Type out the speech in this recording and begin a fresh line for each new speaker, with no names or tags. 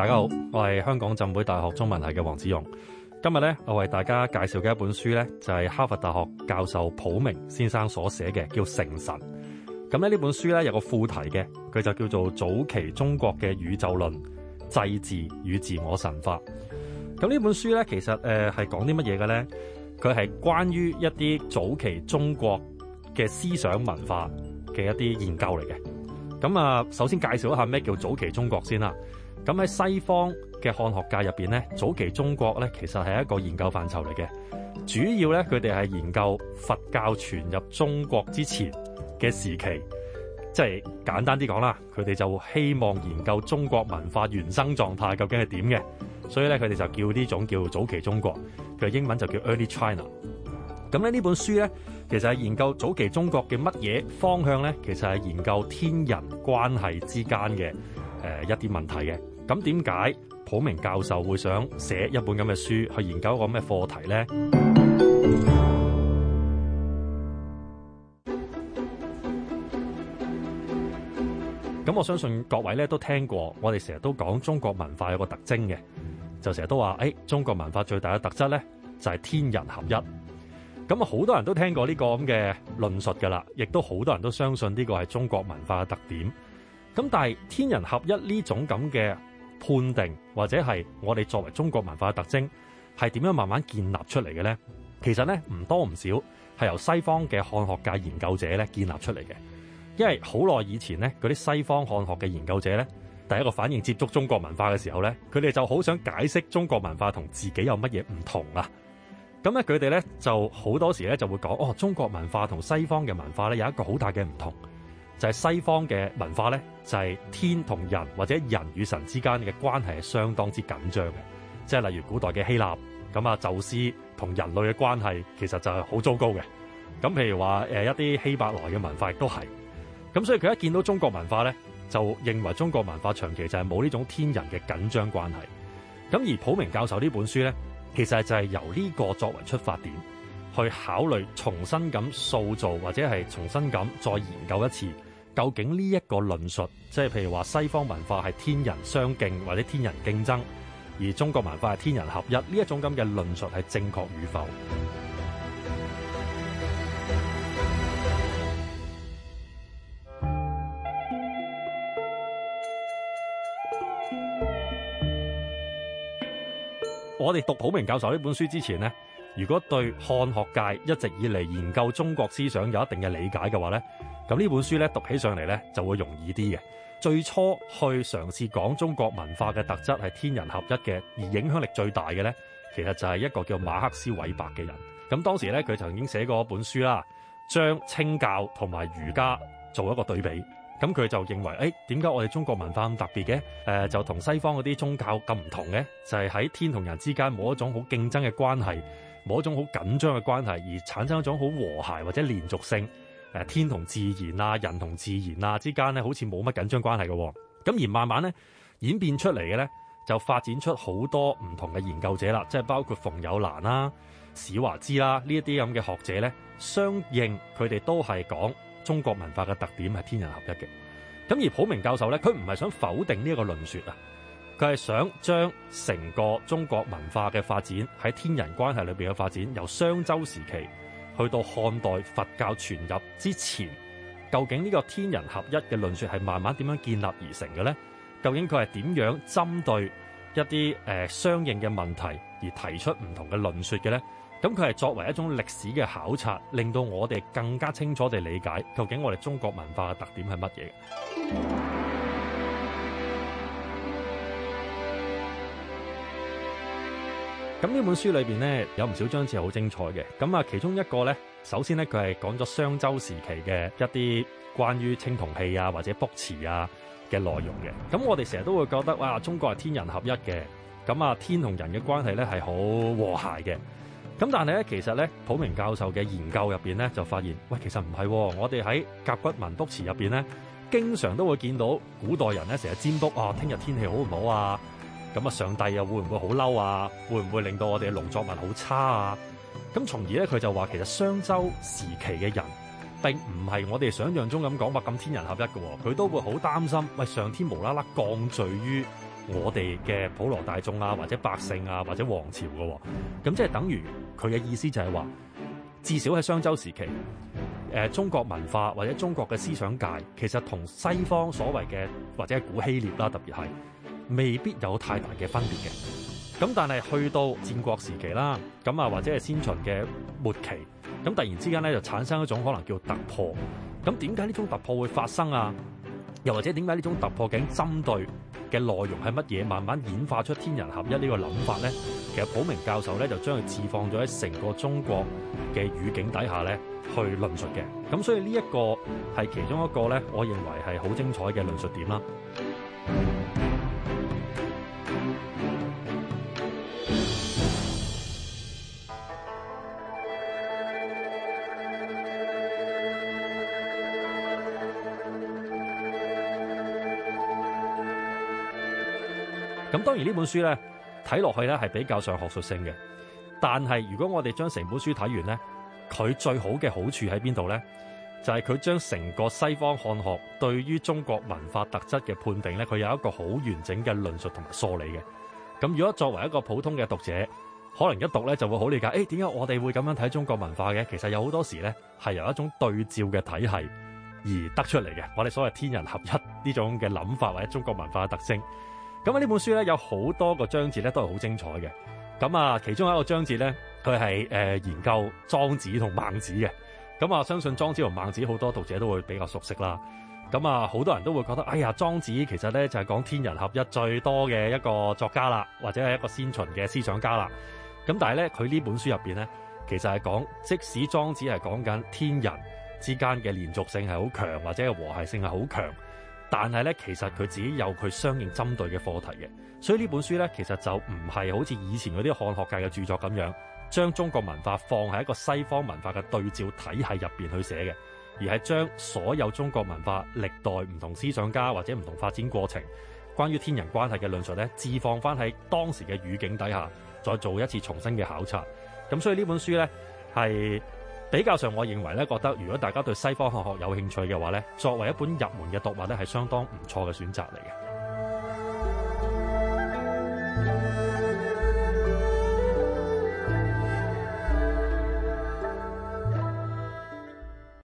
大家好，我係香港浸會大學中文系嘅黃梓勇。今日咧，我為大家介紹嘅一本書咧，就係哈佛大學教授普鳴先生所寫嘅，叫《成神》。咁咧，呢本書咧有個副題嘅，佢就叫做《早期中國嘅宇宙論、祭祀與自我神化》。咁呢本書咧，其實誒係講啲乜嘢嘅咧？佢係關於一啲早期中國嘅思想文化嘅一啲研究嚟嘅。咁啊，首先介紹一下咩叫早期中國先啦。咁喺西方嘅漢學界入面，咧，早期中國咧其實係一個研究範疇嚟嘅。主要咧佢哋係研究佛教傳入中國之前嘅時期，即係簡單啲講啦，佢哋就希望研究中國文化原生狀態究竟係點嘅，所以咧佢哋就叫呢種叫早期中國，佢英文就叫 Early China。咁咧呢本書咧其實係研究早期中國嘅乜嘢方向咧？其實係研究天人關係之間嘅、呃、一啲問題嘅。咁點解普鳴教授會想寫一本咁嘅書去研究一個咁嘅課題呢？咁我相信各位咧都聽過，我哋成日都講中國文化有個特徵嘅，就成日都話誒、哎，中國文化最大嘅特質咧就係、是、天人合一。咁好多人都聽過呢個咁嘅論述噶啦，亦都好多人都相信呢個係中國文化嘅特點。咁但係天人合一呢種咁嘅。判定或者係我哋作為中國文化嘅特徵，係點樣慢慢建立出嚟嘅咧？其實咧唔多唔少係由西方嘅漢學界研究者咧建立出嚟嘅。因為好耐以前咧，嗰啲西方漢學嘅研究者咧，第一個反應接觸中國文化嘅時候咧，佢哋就好想解釋中國文化同自己有乜嘢唔同啊。咁咧，佢哋咧就好多時咧就會講，哦，中國文化同西方嘅文化咧有一個好大嘅唔同。就係西方嘅文化咧，就係天同人或者人與神之間嘅關係係相當之緊張嘅，即係例如古代嘅希臘咁啊，宙斯同人類嘅關係其實就係好糟糕嘅。咁譬如話誒一啲希伯來嘅文化亦都係。咁所以佢一見到中國文化咧，就認為中國文化長期就係冇呢種天人嘅緊張關係。咁而普鳴教授呢本書咧，其實就係由呢個作為出發點去考慮重新咁塑造或者係重新咁再研究一次。究竟呢一個論述，即係譬如話西方文化係天人相敬或者天人競爭，而中國文化係天人合一呢一種咁嘅論述係正確與否？我哋讀普鳴教授呢本書之前呢，如果對漢學界一直以嚟研究中國思想有一定嘅理解嘅話呢。咁呢本書咧讀起上嚟咧就會容易啲嘅。最初去嘗試講中國文化嘅特質係天人合一嘅，而影響力最大嘅咧，其實就係一個叫馬克思韋伯嘅人。咁當時咧，佢曾經寫過一本書啦，將清教同埋儒家做一個對比。咁佢就認為，誒點解我哋中國文化咁特別嘅、呃？就同西方嗰啲宗教咁唔同嘅，就係、是、喺天同人之間冇一種好競爭嘅關係，冇一種好緊張嘅關係，而產生一種好和諧或者連續性。天同自然啊，人同自然啊之間咧，好似冇乜緊張關係嘅、啊。咁而慢慢咧演變出嚟嘅咧，就發展出好多唔同嘅研究者啦，即係包括馮友蘭啦、啊、史華滋啦呢一啲咁嘅學者咧，相應佢哋都係講中國文化嘅特點係天人合一嘅。咁而普鳴教授咧，佢唔係想否定呢一個論説啊，佢係想將成個中國文化嘅發展喺天人關係裏面嘅發展，由商周時期，去到漢代佛教傳入之前，究竟呢個天人合一嘅論説係慢慢點樣建立而成嘅呢？究竟佢係點樣針對一啲、呃、相應嘅問題而提出唔同嘅論説嘅呢？咁佢係作為一種歷史嘅考察，令到我哋更加清楚地理解究竟我哋中國文化嘅特點係乜嘢。咁呢本書裏邊咧有唔少章節好精彩嘅，咁啊其中一個咧，首先咧佢係講咗商周時期嘅一啲關於青銅器啊或者卜辭啊嘅內容嘅。咁我哋成日都會覺得哇，中國係天人合一嘅，咁啊天同人嘅關係咧係好和諧嘅。咁但係咧其實咧，普鳴教授嘅研究入邊咧就發現，喂，其實唔係，啊，我哋喺甲骨文卜辭入邊咧，經常都會見到古代人咧成日占卜啊，聽日天氣好唔好啊？咁啊，上帝又會唔會好嬲啊？會唔會令到我哋嘅農作物好差啊？咁從而咧，佢就話其實商周時期嘅人並唔係我哋想象中咁講法咁天人合一嘅。哦，佢都會好擔心，喂，上天無啦啦降罪於我哋嘅普羅大眾啊，或者百姓啊，或者王朝嘅。哦。咁即係等於佢嘅意思就係話至少喺商周時期，誒、呃、中國文化或者中國嘅思想界，其實同西方所謂嘅或者古希臘啦，特別係。未必有太大嘅分別嘅，咁但係去到戰國時期啦，咁啊或者係先秦嘅末期，咁突然之間咧就產生一種可能叫突破，咁點解呢種突破會發生啊？又或者點解呢種突破究竟針對嘅內容係乜嘢？慢慢演化出天人合一這個呢個諗法咧，其實普鳴教授咧就將佢置放咗喺成個中國嘅語境底下咧去論述嘅，咁所以呢一個係其中一個咧，我認為係好精彩嘅論述點啦。咁當然呢本書呢睇落去呢係比較上學術性嘅，但係如果我哋將成本書睇完呢，佢最好嘅好處喺邊度呢？就係佢將成個西方漢學對於中國文化特質嘅判定呢，佢有一個好完整嘅論述同埋梳理嘅。咁如果作為一個普通嘅讀者，可能一讀呢就會好理解，誒點解我哋會咁樣睇中國文化嘅？其實有好多時呢係由一種對照嘅體系而得出嚟嘅。我哋所謂天人合一呢種嘅諗法或者中國文化嘅特徵。咁啊，呢本書咧有好多個章節咧都係好精彩嘅。咁啊，其中一個章節咧，佢係、呃、研究莊子同孟子嘅。咁啊，相信莊子同孟子好多讀者都會比較熟悉啦。咁啊，好多人都會覺得，哎呀，莊子其實咧就係、是、講天人合一最多嘅一個作家啦，或者係一個先秦嘅思想家啦。咁但係咧，佢呢本書入面咧，其實係講即使莊子係講緊天人之間嘅連續性係好強，或者係和諧性係好強。但係咧，其實佢自己有佢相應針對嘅課題嘅，所以呢本書咧其實就唔係好似以前嗰啲漢學界嘅著作咁樣，將中國文化放喺一個西方文化嘅對照體系入邊去寫嘅，而係將所有中國文化歷代唔同思想家或者唔同發展過程，關於天人關係嘅論述咧置放翻喺當時嘅語境底下，再做一次重新嘅考察。咁所以呢本書咧係。是比較上，我認為咧，覺得如果大家對西方學學有興趣嘅話咧，作為一本入門嘅讀物咧，係相當唔錯嘅選擇嚟嘅。